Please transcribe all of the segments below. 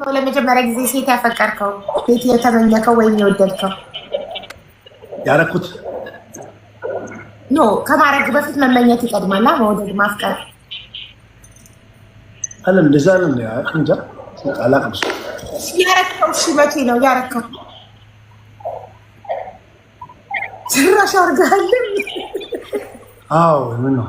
ነው ለመጀመሪያ ጊዜ ሴት ያፈቀርከው ቤት የተመኘከው ወይም የወደድከው? ያረኩት ኖ ከማድረግ በፊት መመኘት ይቀድማል መውደድ ማፍቀር አለ እንደዛ ነው። እንጃ አላውቅም። ያረከው እሺ፣ መቼ ነው ያረከው? ጭራሽ አድርገሃልን? አዎ ምን ነው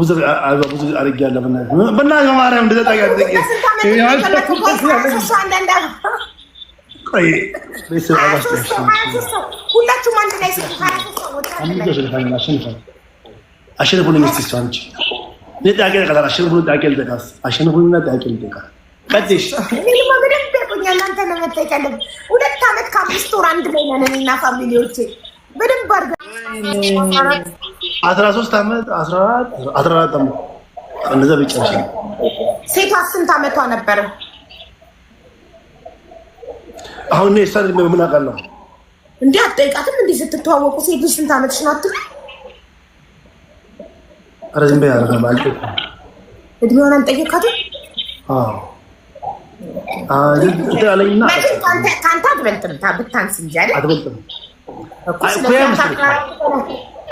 ብዙ አድርጊያለሁ። አሸንፉን ሚስት እሷ አንቺ ጥያቄ ልጠይቃት። አሸንፉን ጥያቄ ልጠይቃት። አሸንፉንና ጥያቄ ልጠይቃት። ቀጥሽ እናንተ ነው መጠየቅ ያለብን። ሁለት ዓመት ከአምስት ወር አንድ ላይ ነን እኔና ፋሚሊዎቼ በደንብ አድርገን አስራ ሦስት ዓመት አስራ አራት አስራ አራት ዓመት እንደዛ በጨረሻ። ሴቷ ስንት አመቷ ነበረ? አሁን እኔ እሷን ምን አውቃለሁ? እንዲህ አትጠይቃትም? እንዲ ስትተዋወቁ ሴት ልጅ ስንት ዓመትሽ ነው ኧረ ዝም በይ አደረገ ማለት እድሜዋን አንጠየቃትም? አዎ ከአንተ አትበልጥም፣ ብታንስ እንጂ አይደል? አትበልጥም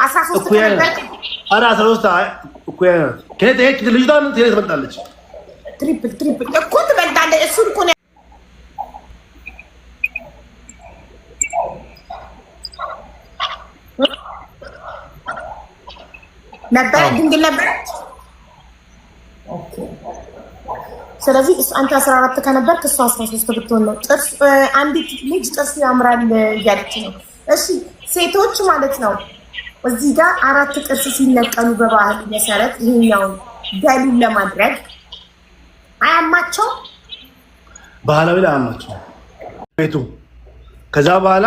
አስራ ሶስት እኩያ ናት። ከየት ሄድክ? ልጅቷ ከየት ነበረ ድንግል ነበረች። ስለዚህ አንተ አስራ አራት ከነበርክ እሷ አስራ ሶስት ብትሆን ነው። ጥርስ አንዲት ልጅ ጥርስ ያምራል እያለች ነው። እሺ ሴቶች ማለት ነው እዚህ ጋር አራት ቅርስ ሲነቀሉ በባህል መሰረት ይሄኛውን ገሉን ለማድረግ አያማቸው ባህላዊ ላይ አያማቸው ቤቱ ከዛ በኋላ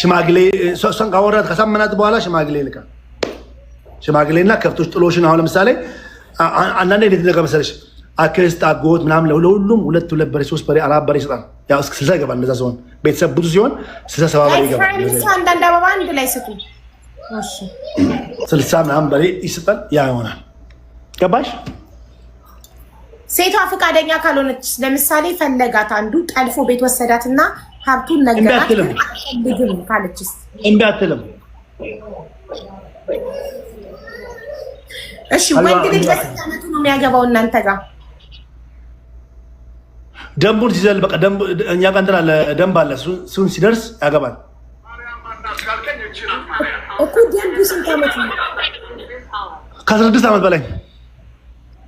ሽማግሌ እሷን ካወራት ከሳምናት በኋላ ሽማግሌ ይልካል። ሽማግሌና ከብቶች ጥሎሽን አሁን ለምሳሌ አንዳንድ እንዴት ነገር መሰለሽ አክስት አጎት ምናምን ለሁሉም ሁለት ሁለት በሬ ሶስት በሬ አራት በሬ ይሰጣል። ያው እስከ ስልሳ ይገባል። እነዛ ሲሆን ቤተሰብ ብዙ ሲሆን ስልሳ ሰባ በሬ ይገባል። አንዳንድ አበባ አንድ ላይ ስጡ ስልሳ ምናምን በሬ ይስጠን፣ ያ ይሆናል። ገባሽ? ሴቷ ፈቃደኛ ካልሆነች ለምሳሌ ፈለጋት አንዱ ጠልፎ ቤት ወሰዳት ወሰዳትና ሀብቱን ነገራት አልፈልግም ካለችስ እንዳትልም። እሺ ወንድ ልጅ በስንት ዓመቱ ነው የሚያገባው እናንተ ጋር? ደንቡን ሲዘል በቃ እኛ ጋር እንትን አለ፣ ደንብ አለ። እሱን ሲደርስ ያገባል። እኮ ደንቡ ስንት ዓመት ነው? ከአስራ ስድስት ዓመት በላይ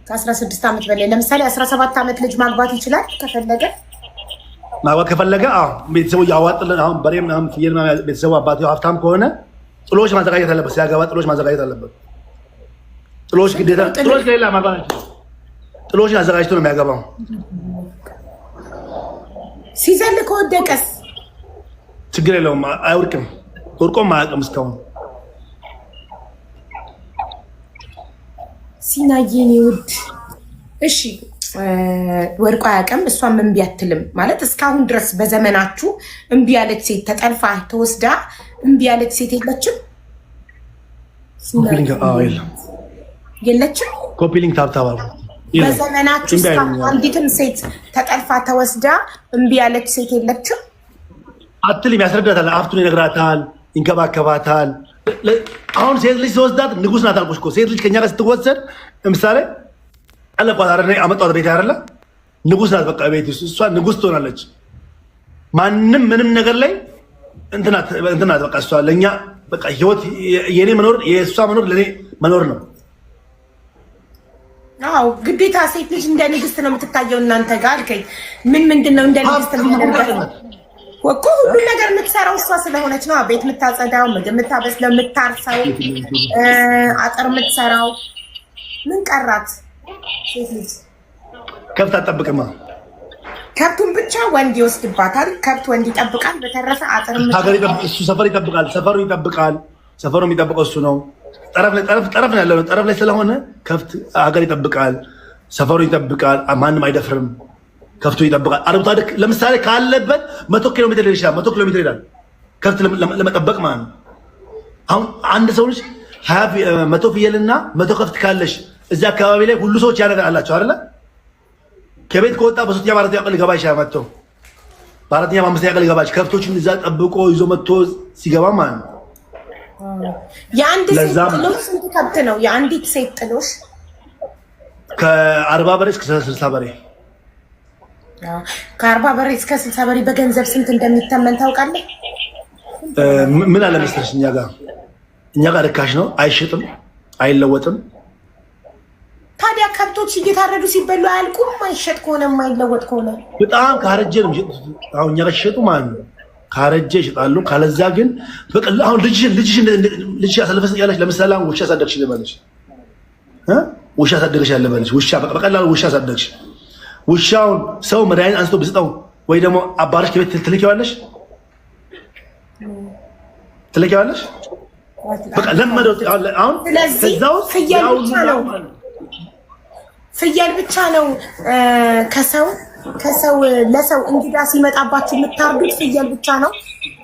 ከአስራ ስድስት ዓመት በላይ ለምሳሌ አስራ ሰባት ዓመት ልጅ ማግባት ይችላል ከፈለገ ማግባት ከፈለገ ቤተሰቡ እያዋጥልን አሁን በሬ ምናምን ፍየል ቤተሰቡ አባት ሀብታም ከሆነ ጥሎች ማዘጋጀት አለበት። ሲያገባ ጥሎች ማዘጋጀት አለበት። ጥሎች ግዴታ ጥሎች ሌላ ማግባት ጥሎችን አዘጋጅቶ ነው የሚያገባው። ሲዘል ከወደቀስ ችግር የለውም፣ አይወድቅም። ወድቆም አያውቅም እስካሁን ሲናየኔ ውድ እሺ ወርቋ ያውቅም እሷም እምቢ አትልም ማለት እስካሁን ድረስ በዘመናችሁ እምቢ ያለች ሴት ተጠልፋ ተወስዳ እምቢ ያለች ሴት የለችም የለችም ኮፒሊንግ ታብታባ በዘመናችሁ አንዲትም ሴት ተጠልፋ ተወስዳ እምቢ ያለች ሴት የለችም አትልም ያስረዳታል ሀብቱን ይነግራታል ይንከባከባታል አሁን ሴት ልጅ ስወስዳት ንጉስ ናት አልኩሽ እኮ። ሴት ልጅ ከኛ ጋር ስትወሰድ ለምሳሌ አለኳት አ አመጣት ቤት አይደለ ንጉስ ናት። በቃ ቤት ውስጥ እሷ ንጉስ ትሆናለች። ማንም ምንም ነገር ላይ እንትናት በቃ እሷ ለእኛ በቃ ህይወት የኔ መኖር የእሷ መኖር ለእኔ መኖር ነው። አዎ ግዴታ ሴት ልጅ እንደ ንግስት ነው የምትታየው እናንተ ጋር አልከኝ። ምን ምንድን ነው እንደ ንግስት ነው እኮ ሁሉ ነገር የምትሰራው እሷ ስለሆነች ነው። ቤት የምታጸዳው፣ ምግብ የምታበስለው፣ የምታርሰው፣ አጥር የምትሰራው። ምን ቀራት ከብት አትጠብቅማ። ከብቱን ብቻ ወንድ ይወስድባታል። ከብት ወንድ ይጠብቃል። በተረፈ አጥር እሱ ሰፈር ይጠብቃል። ሰፈሩ ይጠብቃል። ሰፈሩ የሚጠብቀው እሱ ነው። ጠረፍ ላይ ጠረፍ ያለው። ጠረፍ ላይ ስለሆነ ከብት ሀገር ይጠብቃል። ሰፈሩ ይጠብቃል። ማንም አይደፍርም። ከብቶ ይጠብቃል። አርብቶ አደር ለምሳሌ ካለበት መቶ ኪሎ ሜትር ይሻል መቶ ኪሎ ሜትር ይሄዳል ከብት ለመጠበቅ ማለት ነው። አሁን አንድ ሰው ልጅ መቶ ፍየልና መቶ ከብት ካለሽ እዚህ አካባቢ ላይ ሁሉ ሰዎች ያነገር አላቸው አይደለ? ከቤት ከወጣ በሶስተኛ በአራተኛ ቀን ሊገባ ይሻል መጥቶ በአራተኛ በአምስተኛ ቀን ሊገባች ከብቶችን እዛ ጠብቆ ይዞ መጥቶ ሲገባ ማለት ነው። የአንድ ሴት ጥሎሽ ስንት ከብት ነው? የአንዲት ሴት ጥሎሽ ከአርባ በሬ እስከ ስልሳ በሬ ከአርባ በሬ እስከ ስልሳ በሬ በገንዘብ ስንት እንደሚተመን ታውቃለህ? ምን አለመስለሽ እኛ ጋር እኛ ጋር ርካሽ ነው፣ አይሸጥም፣ አይለወጥም። ታዲያ ከብቶች እየታረዱ ሲበሉ አያልቁም? አይሸጥ ከሆነ የማይለወጥ ከሆነ በጣም ካረጀ ነው። አሁን እኛ ጋር ሲሸጡ ማለት ነው ካረጀ ይሸጣሉ። ካለዛ ግን አሁን ልጅሽ ልጅ ያለች ለምሳሌ አሁን ውሻ አሳደግሽ ልበለች፣ ውሻ አሳደግሽ ያለበለች ውሻ በቀላሉ ውሻ አሳደግሽ ውሻውን ሰው መድኃኒት አንስቶ ብስጠው ወይ ደግሞ አባረሽ ከቤት ትልኪዋለሽ ትልኪዋለሽ። በቃ ለመደው። አሁን እዛው ፍየል ብቻ ነው ከሰው ከሰው ለሰው እንግዳ ሲመጣባችሁ የምታርዱት ፍየል ብቻ ነው።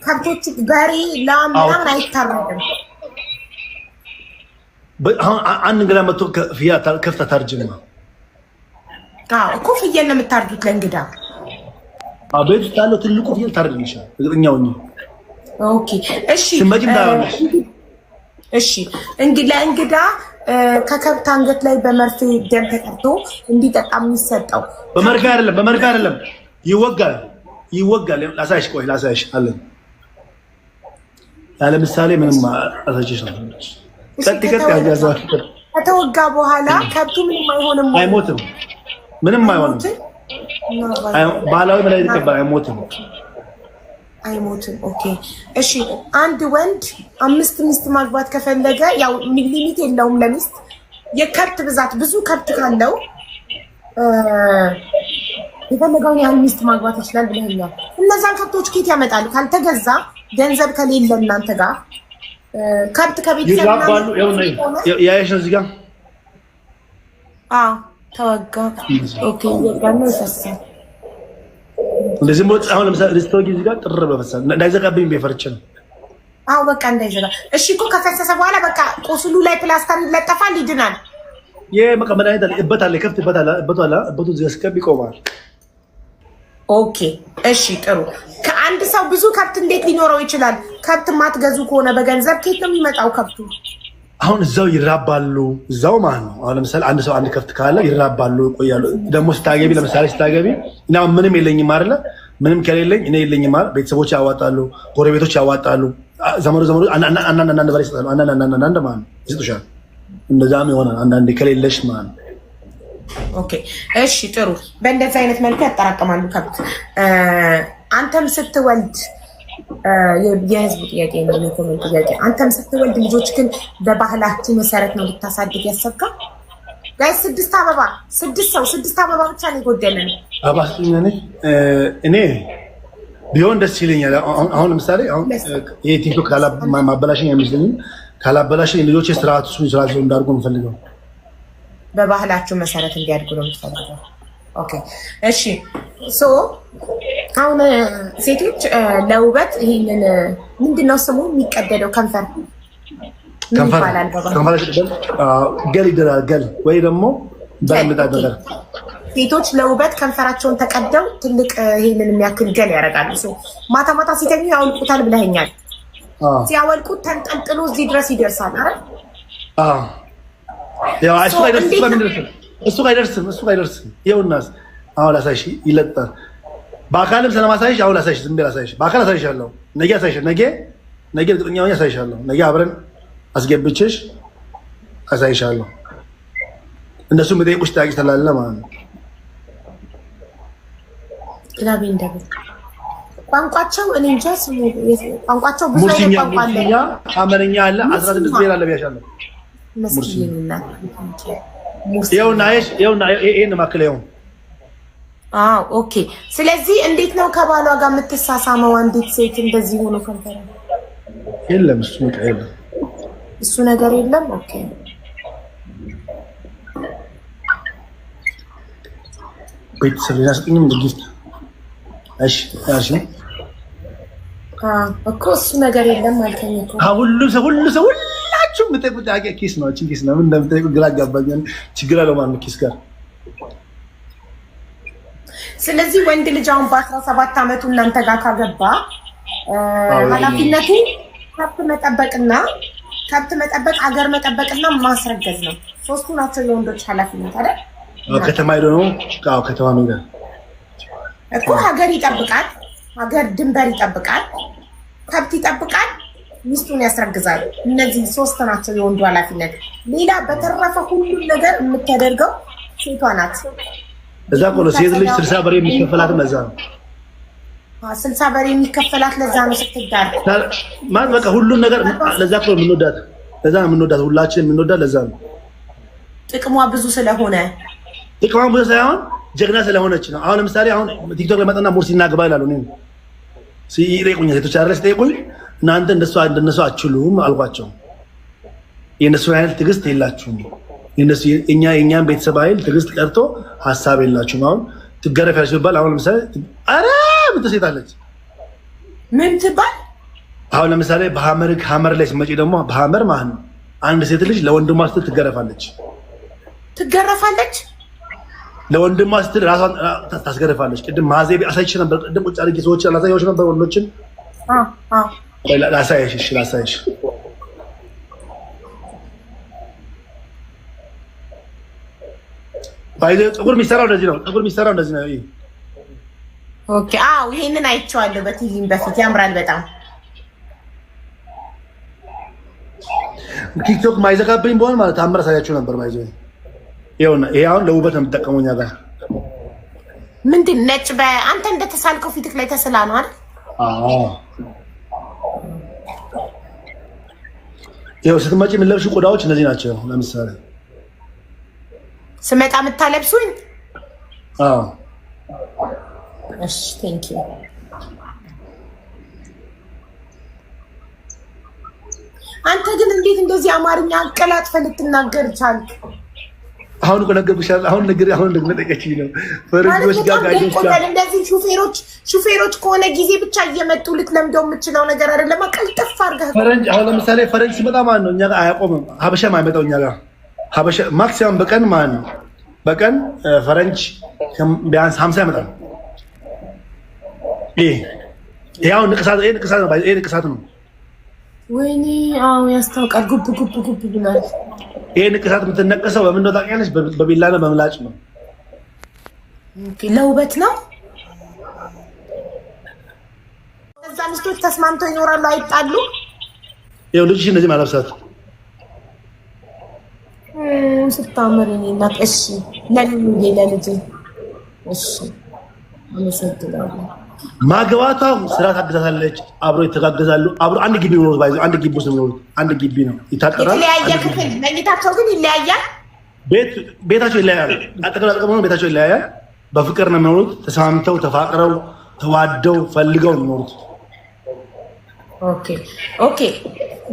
ከብቶች በሬ፣ ላም ምናምን አይታረድም። አሁን አንድ እንግዳ መጥቶ ከፍታ ታርጅማ እኮ ፍየል ነው የምታርዱት ለእንግዳ ቤት ውስጥ ያለው ትልቁ ፍየል ታርድልሻል። ኦኬ። እሺ፣ እሺ እንግዲህ ለእንግዳ ከከብት አንገት ላይ በመርፌ ደም ተቀርቶ እንዲጠጣ የሚሰጠው አይደለም፣ አይደለም፣ ይወጋል፣ ይወጋል። ላሳይሽ፣ ቆይ ላሳይሽ ያለ ምሳሌ ምንም ነው። ቀጥ ቀጥ ከተወጋ በኋላ ከብቱ ምንም አይሆንም፣ አይሞትም ምንም አይሆንም። ባህላዊ መድኃኒት ይቀበል፣ አይሞትም። አይሞትም። ኦኬ እሺ። አንድ ወንድ አምስት ሚስት ማግባት ከፈለገ ያው ሊሚት የለውም ለሚስት የከብት ብዛት ብዙ ከብት ካለው የፈለገውን ያህል ሚስት ማግባት ይችላል ብለኛል። እነዛን ከብቶች ኬት ያመጣል? ካልተገዛ ገንዘብ ከሌለ እናንተ ጋር ከብት ከቤት ያሽን እዚህ ጋር ተወጋ። ኦኬ እየወጋ ነው ይፈሳል። እንደዚህ ሞት አሁን ለምሳሌ ሪስቶራንት ጊዜ ጋር ጥር በፈሳል እንዳይዘጋብኝ ቤፈርች ነው። አዎ በቃ እንዳይዘጋ። እሺ እኮ ከፈሰሰ በኋላ በቃ ቁስሉ ላይ ፕላስተር ይለጠፋል፣ ይድናል። የመቀመን አይነት አለ እበት አለ ከፍት እበት አለ እበቱ አለ እበቱ እዚህ እስከብ ይቆማል። ኦኬ እሺ ጥሩ። ከአንድ ሰው ብዙ ከብት እንዴት ሊኖረው ይችላል? ከብት ማትገዙ ከሆነ በገንዘብ ከየት ነው የሚመጣው ከብቱ? አሁን እዛው ይራባሉ፣ እዛው ማለት ነው። አሁን ለምሳሌ አንድ ሰው አንድ ከፍት ካለ ይራባሉ፣ ይቆያሉ። ደግሞ ስታገቢ፣ ለምሳሌ ስታገቢ እና ምንም የለኝም አይደለ? ምንም ከሌለኝ እኔ የለኝም አይደል? ቤተሰቦች ያዋጣሉ፣ ጎረቤቶች ያዋጣሉ፣ ዘመዶ ዘመዶ አንዳንድ በር ይሰጣሉ፣ አንዳንድ አንዳንድ ማለት ነው ይሰጡሻል። እንደዛም ይሆናል አንዳንዴ ከሌለሽ ማለት ነው። ኦኬ እሺ፣ ጥሩ። በእንደዚህ አይነት መልኩ ያጠራቅማሉ ከብት አንተም ስትወልድ የህዝቡ ጥያቄ ነው፣ የኮሚ ጥያቄ። አንተም ስትወልድ ልጆች ግን በባህላችሁ መሰረት ነው ልታሳድግ ያሰብካ ጋይ ስድስት አበባ ስድስት ሰው ስድስት አበባ ብቻ ነው የጎደለን። አባስኛ እኔ ቢሆን ደስ ይለኛል። አሁን ለምሳሌ አሁን ይሄ ቲክቶክ ማበላሽኝ አይመስለኝም። ካላበላሽኝ ልጆች ስርዓት እሱን ስርዓት እንዳድርጉ የምፈልገው በባህላችሁ መሰረት እንዲያድጉ ነው የምፈልገው። እሺ ሶ አሁን ሴቶች ለውበት ይሄንን ምንድን ነው ስሙ የሚቀደደው ከንፈር ገል ይደላል። ገል ወይ ደግሞ በምጣደር ሴቶች ለውበት ከንፈራቸውን ተቀደው ትልቅ ይሄንን የሚያክል ገል ያደርጋሉ። ማታ ማታ ሲተኙ ያወልቁታል ብለኸኛል። ሲያወልቁት ተንጠልጥሎ እዚህ ድረስ ይደርሳል። አረ እሱ አይደርስም፣ እሱ አይደርስም። ይኸውና አሁን ላሳይሽ ይለጣል በአካልም ስለማሳይሽ አሁን አሳይሽ ዝም ብዬ አሳይሽ። በአካል አሳይሻለሁ፣ ነገ አሳይሻለሁ። ነገ ነገ እርግጠኛ ሆኜ አሳይሻለሁ። ነገ አብረን አስገብቼሽ አሳይሻለሁ። እነሱ የጠየቁሽ ታቂ ተላለ ማለት ነው። ቋንቋቸው እኔ እንጃ ቋንቋቸው ብዙ ቋንቋ አለ። አማርኛ አለ፣ አስራ ስድስት አለ ብያሻለሁ። ይኸውና ይሄን አዎ ኦኬ። ስለዚህ እንዴት ነው ከባሏ ጋር የምትሳሳመው? አንዲት ሴት እንደዚህ ሆኖ ከንፈረ የለም እሱ የለም እሱ ነገር የለም። ኦኬ ቤተሰብ እሺ እኮ እሱ ነገር የለም አልከኝ እኮ ሁሉ ሰው ሁሉ ሰው ሁላችሁ የምትጠይቁት ኬስ ነው። ኬስ ነው ምን እንደምትጠይቁት ግራ አጋባኝ። ችግር አለው ማለት ኬስ ጋር ስለዚህ ወንድ ልጅ አሁን በአስራ ሰባት አመቱ እናንተ ጋር ካገባ ኃላፊነቱ ከብት መጠበቅና ከብት መጠበቅ አገር መጠበቅና ማስረገዝ ነው። ሶስቱ ናቸው የወንዶች ኃላፊነት አይደል? ከተማ ሄዶ ነው። ከተማ ሄደ እኮ ሀገር ይጠብቃል። ሀገር ድንበር ይጠብቃል። ከብት ይጠብቃል። ሚስቱን ያስረግዛል። እነዚህ ሶስት ናቸው የወንዱ ኃላፊነት። ሌላ በተረፈ ሁሉም ነገር የምታደርገው ሴቷ ናት። እዛ ቆሎ ሴት ልጅ ስልሳ በሬ የሚከፈላት ለዛ ነው። ስልሳ በሬ የሚከፈላት ለዛ ነው። ስትዳር ማለት በቃ ሁሉን ነገር ለዛ ቆሎ የምንወዳት ለዛ ነው የምንወዳት ሁላችን የምንወዳት ለዛ ነው። ጥቅሟ ብዙ ስለሆነ ጥቅሟ ብዙ ሳይሆን ጀግና ስለሆነች ነው። አሁን ለምሳሌ አሁን ቲክቶክ ላይ መጣና ሙርሲና ግባ ይላሉ። እኔ ሲጠይቁኝ ሴቶች አለ ሲጠይቁኝ እናንተ እንደነሱ አችሉም አልኳቸው። የእነሱን አይነት ትዕግስት የላችሁም እኛ የእኛን ቤተሰብ ኃይል ትዕግስት ቀርቶ ሀሳብ የላችሁም። አሁን ትገረፊያለች ብባል አሁን ለምሳሌ ኧረ ምን ምን ትባል? አሁን ለምሳሌ በሀመር ሀመር ላይ ስመጪ ደግሞ በሀመር ማለት ነው አንድ ሴት ልጅ ለወንድሟ ስትል ትገረፋለች ትገረፋለች ለወንድሟ ስትል ራሷን ታስገርፋለች። ቅድም ማዜብ አሳይሽ ነበር። ቅድም ቁጭ አድርጌ ሰዎች ላሳያዎች ነበር ወንዶችን ላሳየሽ ላሳየሽ ጥቁር የሚሰራው እንደዚህ ነው። ጥቁር የሚሰራው እንደዚህ ነው። ኦኬ አዎ፣ ይሄንን አይቼዋለሁ በቲቪም በፊት ያምራል በጣም። ቲክቶክ ማይዘጋብኝ በሆን ማለት አምር አሳያችሁ ነበር። ማይዘ ይኸውና፣ ይሄ አሁን ለውበት ነው የምጠቀመው እኛ ጋር ምንድን ነጭ በአንተ እንደተሳልከው ፊትክ ላይ ተስላ ነው አይደል? ይኸው ስትመጪ የምንለብሽ ቆዳዎች እነዚህ ናቸው። ለምሳሌ ስመጣ የምታለብሱኝ? እሺ ቴንክ ዩ። አንተ ግን እንዴት እንደዚህ አማርኛ አቀላጥፈ ልትናገር ቻልክ? አሁን እኮ ነገርኩሻለሁ። አሁን ነገር አሁን ልትመጠቀችኝ ነው። ፈረንጆች ጋር ጋር እንደዚህ ሹፌሮች ሹፌሮች ከሆነ ጊዜ ብቻ እየመጡ ልትለምደው የምችለው ነገር አይደለም። ቀልጥፍ አድርገህ ፈረንጅ አሁን ለምሳሌ ፈረንጅ ስመጣ ማለት ነው እኛ ጋር አያቆምም። ሀበሻም አይመጣው እኛ ጋር ሀበሻ ማክሲማም በቀን ማን በቀን ፈረንጅ ቢያንስ 50 ያመጣል። ይሄ ያው ንቅሳት ይሄ ንቅሳት ነው። ይሄ ንቅሳት ነው። ወይኔ አዎ ያስታውቃል። ጉብ ጉብ ጉብ ብላል። ይሄ ንቅሳት የምትነቀሰው በምን ነው ታውቂያለሽ? በቢላና በምላጭ ነው። ለውበት ነው። እዛ ሚስቶች ተስማምተው ይኖራሉ፣ አይጣሉ። ይኸው ልጅሽ እነዚህ ማለብሳት ስታምር እናት። እሺ ለልጄ እሺ፣ አመሰግናለሁ። ማግባቷ ስራ ታግዛታለች፣ አብሮ ይተጋገዛሉ። አብሮ አንድ ግቢ ነው አንድ ግቢ ውስጥ ነው፣ አንድ ግቢ ነው። ይታጠራል። ክፍል መኝታቸው ግን ይለያያል። ቤት ቤታቸው ይለያያል። ቤታቸው ይለያያል። በፍቅር ነው የሚኖሩት። ተስማምተው ተፋቅረው ተዋደው ፈልገው ነው የሚኖሩት። ኦኬ ኦኬ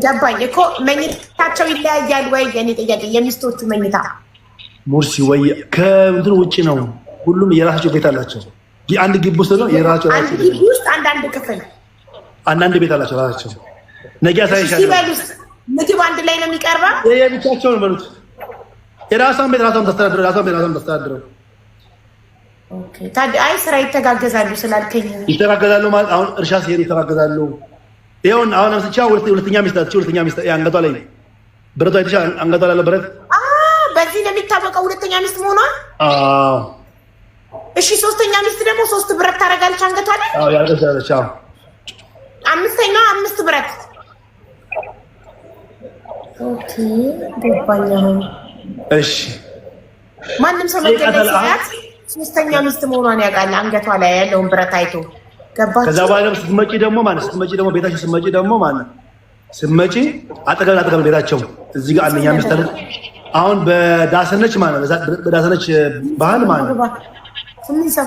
ገባኝ እኮ መኝታቸው ይለያያል ወይ? የኔ ጥያቄ የሚስቶቹ መኝታ ሙርሲ ወይ ከእንትን ውጭ ነው። ሁሉም የራሳቸው ቤት አላቸው። አንድ ግቢ ውስጥ ነው የራሳቸው አንድ ውስጥ አንዳንድ ክፍል አንዳንድ ቤት አላቸው ራሳቸው። ነገ ሲበሉስ ምግብ አንድ ላይ ነው የሚቀርበው። ነው በሉት። የራሷን ቤት ራሷን ተስተዳድረው የራሷን ቤት ራሷን ተስተዳድረው ታዲያ አይ ስራ ይተጋገዛሉ ስላልከኝ ይተጋገዛሉ ማለት አሁን እርሻ ሲሄድ ይተጋገዛሉ ይሄውን አሁን አምስቻ ሁለተኛ ሚስታቸው ሁለተኛ ሚስት አንገቷ ላይ ብረቷ አይተሻ አንገቷ ላይ ብረት በዚህ ነው የሚታወቀው ሁለተኛ ሚስት መሆኗ። እሺ ሶስተኛ ሚስት ደግሞ ሶስት ብረት ታደርጋለች አንገቷ ላይ። አምስተኛ አምስት ብረት። ኦኬ እሺ ማንም ሰው መገለጽ ሶስተኛ ሚስት መሆኗን ያውቃል አንገቷ ላይ ያለውን ብረት አይቶ ከዛ በኋላ ስትመጪ ደግሞ ማለት ስትመጪ ደግሞ ቤታቸው ስትመጪ ደግሞ ማለት ስትመጪ አጠገብ አጠገብ ቤታቸው እዚህ ጋር አንደኛ አምስት አሁን በዳሰነች ማለት በዳሰነች ባህል ማለት ነው